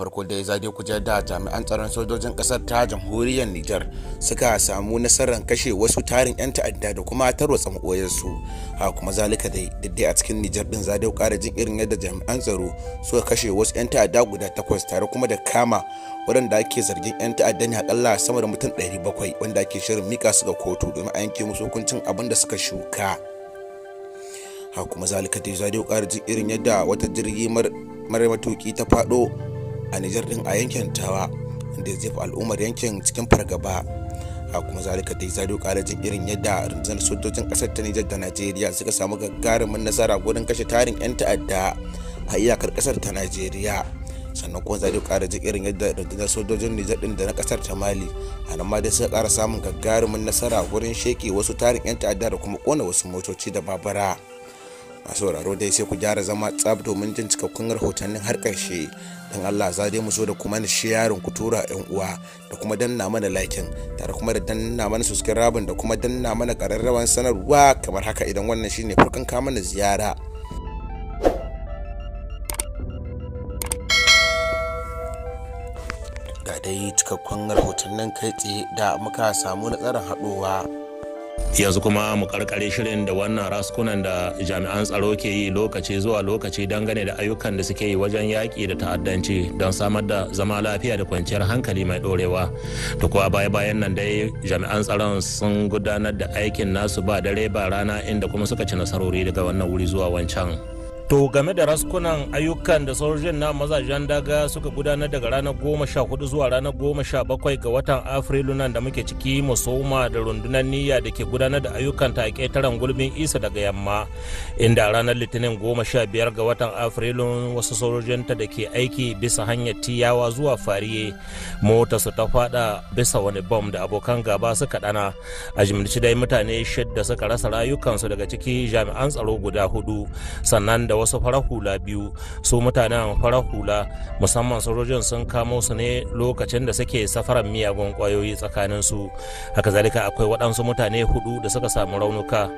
farko dai zade kujer da jami'an tsaron sojojin kasar ta jamhuriyar nijar suka samu nasarar kashe wasu tarin 'yan ta'adda da kuma tarwatsa maɓoyarsu a kuma zalika dai daidai a cikin nijar din zade kara jin irin yadda jami'an tsaro suka kashe wasu 'yan ta'adda guda takwas tare kuma da kama wadanda ake zargin 'yan ta'adda ne akalla sama da mutum 700 wanda ake shirin mika su ga kotu domin a yanke musu hukuncin abin da suka shuka ha kuma zalika dai zade kara jin irin yadda wata jirgi mara matuki ta faɗo a nijar din a yankin tawa da ya al'ummar yankin cikin fargaba a kuma zalika dai zado karajin irin yadda rundunar sojojin kasar ta nijar da najeriya suka samu gagarumin nasara gurin kashe tarin 'yan ta'adda a iyakar kasar ta najeriya sannan kuma zai kara irin yadda rundunar sojojin nijar din da na kasar ta mali a nan ma dai suka kara samun gagarumin nasara wurin sheke wasu tarin 'yan ta'adda da kuma kona wasu motoci da babara a sauraro dai sai ku gyara zama tsab domin jin cikakkun rahotannin har ƙarshe don Allah za dai mu so da kuma sharing ku tura yan uwa da kuma danna mana laikin tare kuma da danna mana rabin da kuma danna mana ƙararrawan sanarwa kamar haka idan wannan shine farkon ka mana ziyara ga dai cikakkun rahotannin kai tsaye da muka samu na tsarin haɗowa yanzu kuma mu karkare shirin da wannan raskunan da jami'an tsaro ke yi lokaci zuwa lokaci dangane da ayyukan da suke yi wajen yaƙi da ta'addanci don samar da zama lafiya da kwanciyar hankali mai ɗorewa da kuwa baya bayan nan dai jami'an tsaron sun gudanar da aikin nasu ba dare ba rana inda kuma suka ci nasarori daga wannan wuri zuwa wancan. to game da raskunan ayyukan da sojojin na mazajen daga suka gudanar daga ranar goma sha hudu zuwa ranar goma sha bakwai ga watan afrilu nan da muke ciki musoma da rundunar niyya da ke gudanar da ayyukan ta a ƙetaren gulbin isa daga yamma inda ranar litinin goma sha biyar ga watan afrilu wasu sojojinta da ke aiki bisa hanyar tiyawa zuwa fariye mota su ta fada bisa wani bom da abokan gaba suka dana a jimlici dai mutane shidda suka rasa rayukansu daga ciki jami'an tsaro guda hudu sannan da wasu farar hula biyu su mutanen farar hula musamman sojojin sun kamo su ne lokacin da suke safaran miyagun kwayoyi tsakanin su haka zalika akwai waɗansu mutane hudu da suka samu raunuka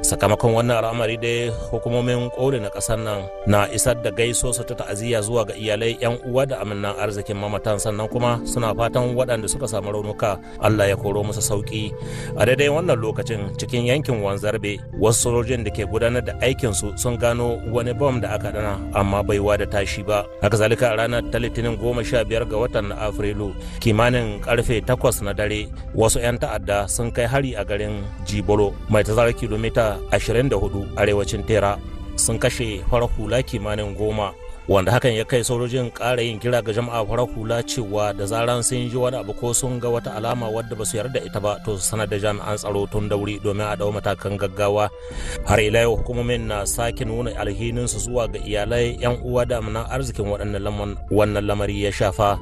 sakamakon wannan al'amari dai hukumomin koli na kasar nan na isar da gaiso su ta ta'aziyya zuwa ga iyalai yan uwa da aminnan arzikin mamatan sannan kuma suna fatan waɗanda suka samu raunuka allah ya koro musu sauki a daidai wannan lokacin cikin yankin wanzarbe wasu sojojin da ke gudanar da aikin su sun gano wani bom da aka dana amma bai wada tashi ba haka zalika a ranar ta litinin goma sha biyar ga watan na afrilu kimanin karfe takwas na dare wasu 'yan ta'adda sun kai hari a garin jiboro mai tazarar kilomita da 24 arewacin tera sun kashe farar hula kimanin goma wanda hakan ya kai sojojin ƙara yin kira ga jama'a farar hula cewa da zaran sun ji wani abu ko sun ga wata alama wadda ba su yarda ita ba to su sanar da jami'an tsaro tun da wuri domin a dau matakan gaggawa har ila yau hukumomin na sake nuna alhinin su zuwa ga iyalai yan uwa da arzikin waɗannan wannan lamari ya shafa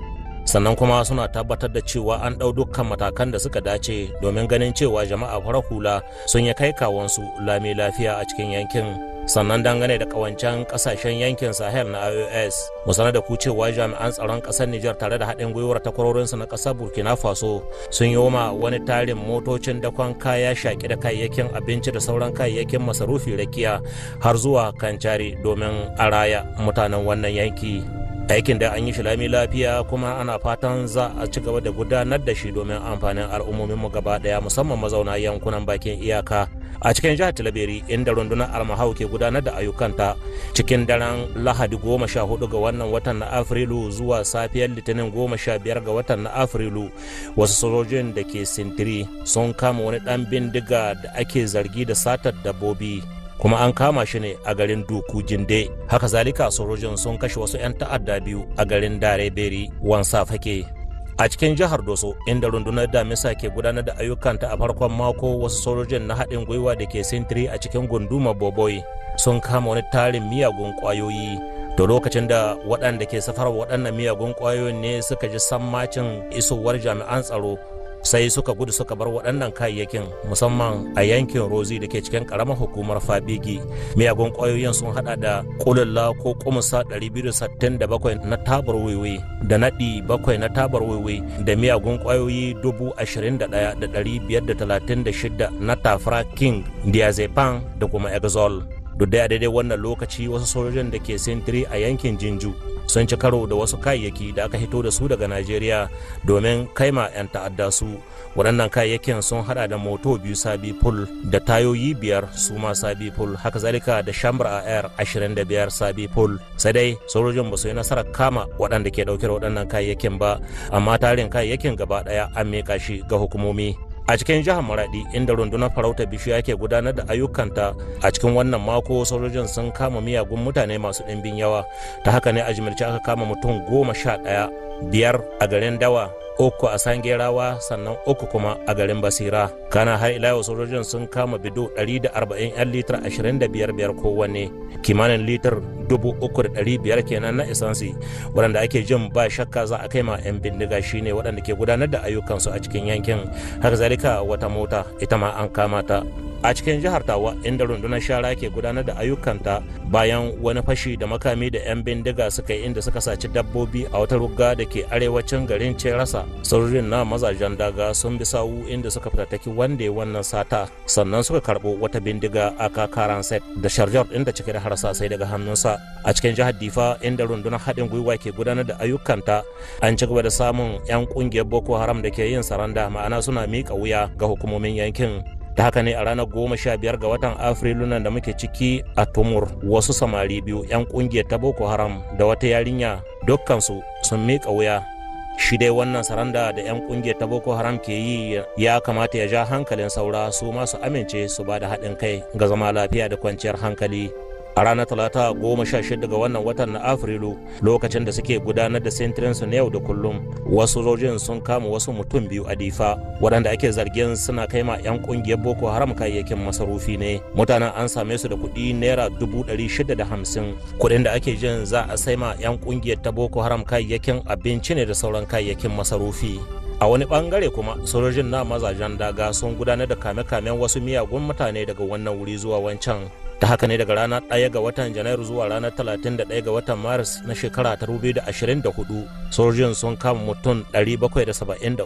sannan kuma suna tabbatar da cewa an ɗau dukkan matakan da suka dace domin ganin cewa jama'a farar hula sun yi kai kawansu lami lafiya a cikin yankin sannan dangane da kawancen kasashen yankin sahel na ios mu da ku cewa jami'an tsaron kasar niger tare da haɗin gwiwar takwarorinsu na ƙasar burkina faso sun yi ma wani tarin motocin dakon kaya shaƙi da kayayyakin abinci da sauran kayayyakin masarufi rakiya har zuwa kancari domin a raya mutanen wannan yanki aikin da an yi shilami lafiya kuma ana fatan za a ci gaba da gudanar da shi domin amfanin al'ummomin mu gaba daya musamman mazauna yankunan bakin iyaka a cikin jihar talabiri inda rundunar almahau ke gudanar da ayyukanta cikin daren lahadi 14 ga wannan watan na afrilu zuwa safiyar litinin 15 ga watan na afrilu wasu sojojin da ke sintiri sun kama wani dan bindiga da ake zargi da satar dabbobi kuma an kama shi ne a garin duku jinde haka zalika sojojin sun kashe wasu 'yan ta'adda biyu a garin dare beri wansa fake a cikin jihar doso inda rundunar damisa ke gudanar da ayyukanta a farkon mako wasu sojojin na haɗin gwiwa da ke sintiri a cikin gunduma boboi sun kama wani tarin miyagun kwayoyi da lokacin da waɗanda ke safar waɗannan miyagun kwayoyin ne suka ji sammacin isowar jami'an tsaro sai suka gudu suka bar waɗannan kayayyakin musamman a yankin rozi da ke cikin karamar hukumar fabigi miyagun ƙwayoyin sun hada da ƙulalla ko kumusa 267 na tabar wiwi da naɗi 7 na tabar wiwi da miyagun ƙwayoyi 21,536 na tafra king diazepam da kuma exol duk da daidai wannan lokaci wasu sojojin da ke sintiri a yankin jinju sun ci karo da wasu kayayyaki da aka hito da su daga najeriya domin kai ma 'yan ta'adda su waɗannan kayayyakin sun hada da moto biyu sabi pul da tayoyi biyar su ma sabi pul haka zalika da shambar a air 25 sabi pul sai dai sojojin ba su yi nasarar kama waɗanda ke ɗauke da waɗannan kayayyakin ba amma tarin kayayyakin gaba ɗaya an miƙa shi ga hukumomi a cikin jihar maradi inda rundunar farauta bishiya ke gudanar da ayyukanta a cikin wannan mako sojojin sun kama miyagun mutane masu ɗimbin yawa ta haka ne a jimirce aka kama mutum goma sha ɗaya biyar a garin dawa uku a sangerawa sannan uku kuma a garin basira kana har ila yau sojojin sun kama bido 140 'yan litar 25 kowanne kimanin litar 3,500 kenan na isansi waɗanda ake jin ba shakka za a kai ma 'yan bindiga shine waɗanda ke gudanar da ayyukansu a cikin yankin har zalika wata mota ita ma an kama ta a cikin jihar tawa inda rundunar shara ke gudanar da ayyukanta bayan wani fashi da makami da 'yan bindiga suka yi inda suka saci dabbobi a wata rugga da ke arewacin garin cerasa sojojin na mazajen daga sun bi sawu inda suka fitattaki wani wanda ya wannan sata sannan suka karɓo wata bindiga a kakaran set da sharjar inda cike da harsa sai daga hannunsa a cikin jihar difa inda rundunar haɗin gwiwa ke gudanar da ayyukanta an ci gaba da samun 'yan ƙungiyar boko haram da ke yin saranda ma'ana suna miƙa wuya ga hukumomin yankin ta haka ne a ranar goma sha biyar ga watan afrilu nan da muke ciki a tumur wasu samari biyu 'yan kungiyar ta boko haram da wata yarinya dukkansu sun miƙa wuya shi dai wannan saranda da 'yan kungiyar ta boko haram ke yi ya kamata ya ja hankalin saura su masu amince su ba da haɗin kai ga zama lafiya da kwanciyar hankali a ranar talata goma sha shida ga wannan watan na afrilu lokacin da suke gudanar da sintirinsu na yau da kullum wasu sojojin sun kama wasu mutum biyu a difa waɗanda ake zargin suna kai ma 'yan ƙungiyar boko haram kayayyakin masarufi ne mutanen an same su da kuɗi naira dubu ɗari shida da hamsin kuɗin da ake jin za a sai ma 'yan ƙungiyar ta boko haram kayayyakin abinci ne da sauran kayayyakin masarufi a wani bangare kuma sojojin na mazajen daga sun gudanar da kame-kamen wasu miyagun mutane daga wannan wuri zuwa wancan ta haka ne daga ranar 1 ga watan janairu zuwa ranar 31 ga watan maris na shekara ta da da ashirin hudu sojin sun kama mutum 773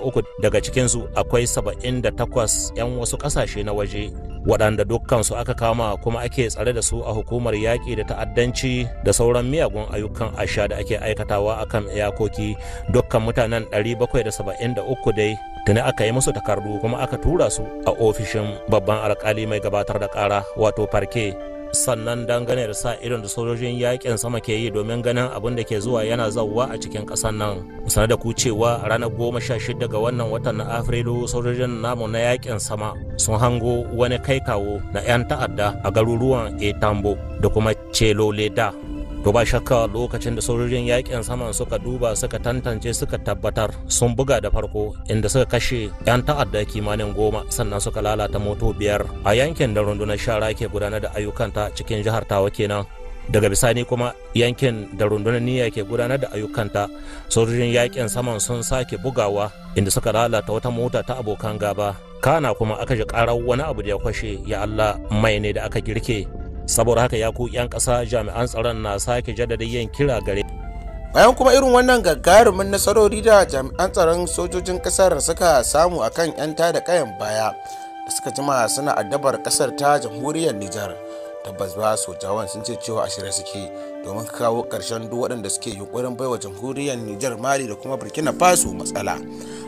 daga cikinsu akwai 78 'yan wasu kasashe na waje waɗanda dukkansu aka kama kuma ake tsare da su a hukumar yaƙi da ta'addanci da sauran miyagun ayyukan asha da ake aikatawa akan iyakoki dukkan mutanen 773 dai tuni aka yi musu takardu kuma aka tura su a ofishin babban alkali mai gabatar da kara wato farke sannan dangane da sa irin da sojojin yakin sama ke yi domin ganin abin da ke zuwa yana zauwa a cikin ƙasar nan sanar da ku cewa ranar goma sha shida ga wannan watan na afrilu sojojin namu na yakin sama sun hango wani kai kawo na 'yan ta'adda a garuruwan etambo da kuma celoleda to ba shakka lokacin da sojojin yakin saman suka duba suka tantance suka tabbatar sun buga da farko inda suka kashe 'yan ta'adda kimanin goma sannan suka lalata moto biyar a yankin da rundunar shara ke gudanar da ayyukanta cikin jihar tawa kenan daga bisani kuma yankin da rundunar niyya ke gudanar da ayyukanta sojojin yakin saman sun sake bugawa inda suka lalata wata mota ta abokan gaba kana kuma aka ji karar wani abu da ya kwashe ya allah mai ne da aka girke saboda haka ya ku 'yan kasa jami'an tsaron na sake jaddada yin kira gare bayan kuma irin wannan gagarumin nasarori da jami'an tsaron sojojin kasar suka samu akan 'yan tada kayan baya da suka jima suna addabar ƙasar ta jamhuriyar nijar tabbas ba sojawan sun ce cewa a shirye suke domin kawo karshen duk waɗanda suke yunkurin baiwa jamhuriyar nijar mali da kuma burkina faso matsala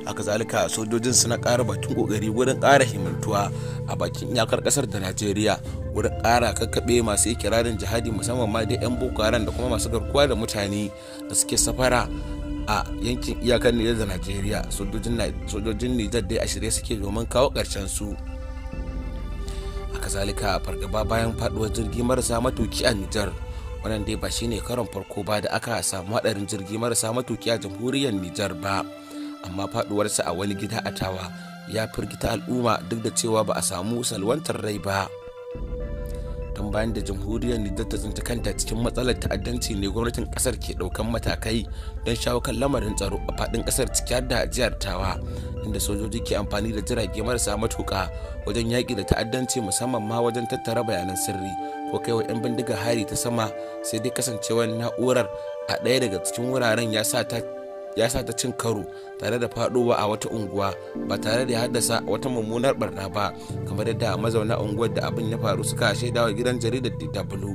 haka zalika sojojin suna ƙara batun ƙoƙari wurin ƙara himantuwa a bakin iyakar ƙasar da najeriya wurin ƙara kakkaɓe masu ikirarin jihadi musamman ma da 'yan boko haram da kuma masu garkuwa da mutane da suke safara a yankin iyakar nijar da najeriya sojojin nijar dai a shirye suke domin kawo ƙarshen su kazalika a fargaba bayan faduwar jirgi marasa matuki a nijar wannan dai ba shine karon farko ba da aka samu hadarin jirgi marasa matuki a jamhuriyar nijar ba amma faduwarsa a wani gida a tawa ya firgita al'umma duk da cewa ba a samu salwantar rai ba tun bayan da jamhuriyar Nijar ta tsinci kanta cikin matsalar ta'addanci ne gwamnatin kasar ke daukan matakai don shawo kan lamarin tsaro a fadin kasar ciki da ajiyar tawa inda sojoji ke amfani da jirage marasa matuka wajen yaƙi da ta'addanci musamman ma wajen tattara bayanan sirri ko kai wa 'yan bindiga hari ta sama sai dai kasancewar na'urar a ɗaya daga cikin wuraren ya sa ta ya sa ta cin karo tare da faɗowa a wata unguwa ba tare da ya haddasa wata mummunar barna ba kamar yadda mazauna unguwar da abin ya faru suka shaidawa gidan jaridar DW.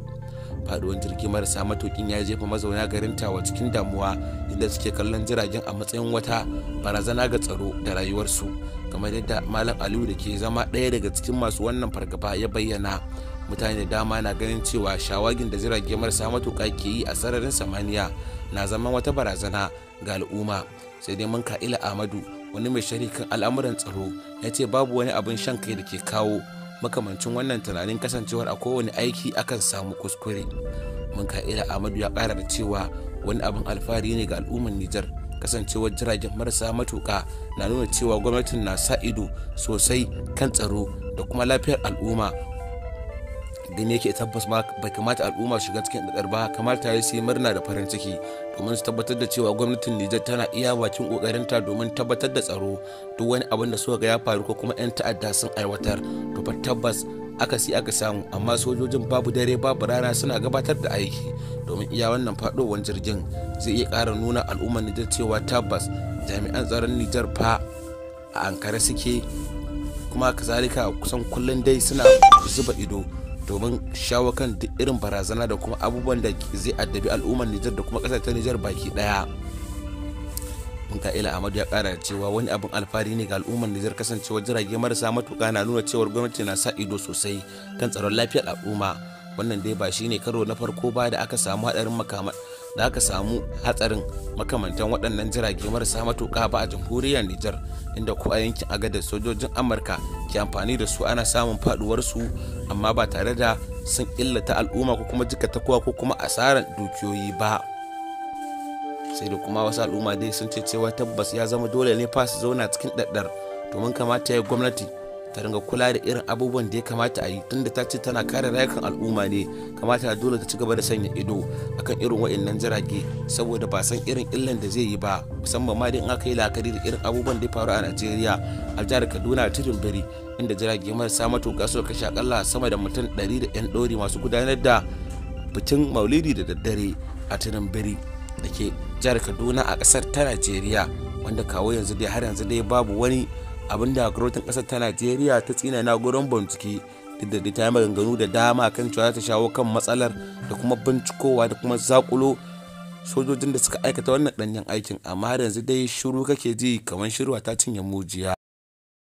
faduwan jirgi marasa matukin ya jefa mazauna garin tawa cikin damuwa inda suke kallon jiragen a matsayin wata barazana ga tsaro da rayuwarsu kamar yadda malam aliyu da ke zama ɗaya daga cikin masu wannan fargaba ya bayyana mutane da dama na ganin cewa shawagin da jirage marasa matuƙa ke yi a sararin samaniya na zama wata barazana ga al'umma sai dai mun ka'ila amadu wani mai shari kan al'amuran tsaro ya ce babu wani abin shan kai da ke kawo makamancin wannan tunanin kasancewar a kowane aiki akan samu kuskure mun ka'ila amadu ya ƙara da cewa wani abin alfahari ne ga al'ummar nijar kasancewar jiragen marasa matuƙa na nuna cewa gwamnatin na sa ido sosai kan tsaro da kuma lafiyar al'umma gani yake tabbas ma bai kamata al'umma shiga cikin ɗaɗar ba kamata ya yi murna da farin ciki domin su tabbatar da cewa gwamnatin Nijar tana iya bakin ta domin tabbatar da tsaro duk wani abin da suka ga ya faru ko kuma 'yan ta'adda sun aiwatar to fa tabbas aka si aka samu amma sojojin babu dare babu rana suna gabatar da aiki domin iya wannan faɗowar jirgin zai iya ƙara nuna al'ummar Nijar cewa tabbas jami'an tsaron Nijar fa a Ankara suke kuma kazalika kusan kullum dai suna zuba ido domin shawo kan duk irin barazana da kuma abubuwan da zai addabi al'ummar nijar da kuma ƙasar ta nijar baki ɗaya ila Ahmad ya kara cewa wani abin alfahari ne ga al'ummar Nijar kasancewar jirage marasa matuka na nuna cewar gwamnati na sa ido sosai kan tsaron lafiyar al'umma. Wannan dai ba shi ne karo na farko ba da aka samu haɗarin makaman da aka samu hatsarin makamantan waɗannan jirage marasa matuƙa ba a jamhuriyar Nijar inda ko a yankin agadar sojojin Amurka ke amfani da su ana samun faduwar su amma ba tare da sun illata al'umma ko kuma jikata kowa ko kuma asarar dukiyoyi ba. sai da kuma wasu al'umma dai sun ce cewa tabbas ya zama dole ne fa su zauna cikin ɗaɗɗar domin kamata ya gwamnati ta ringa kula da irin abubuwan da ya kamata a yi tun da ta ce tana kare rayukan al'umma ne kamata dole ta ci gaba da sanya ido akan irin wa'annan jirage saboda ba san irin illan da zai yi ba musamman ma dai in aka yi la'akari da irin abubuwan da ya faru a Najeriya a jihar Kaduna a Tirin biri inda jirage marasa matuƙa suka kashe akalla sama da mutum 100 da 'yan ɗori masu gudanar da bikin maulidi da daddare a Tirin biri da ke jihar Kaduna a ƙasar ta Najeriya wanda kawo yanzu dai har yanzu dai babu wani abinda gwamnatin kasar ta najeriya ta tsina na gurin bincike duk da ta yi maganganu da dama kan cewa ta shawo kan matsalar da kuma bincikowa da kuma zakulo sojojin da suka aikata wannan ɗanyen aikin amma yanzu dai shiru kake ji kamar shirwa ta cinye mujiya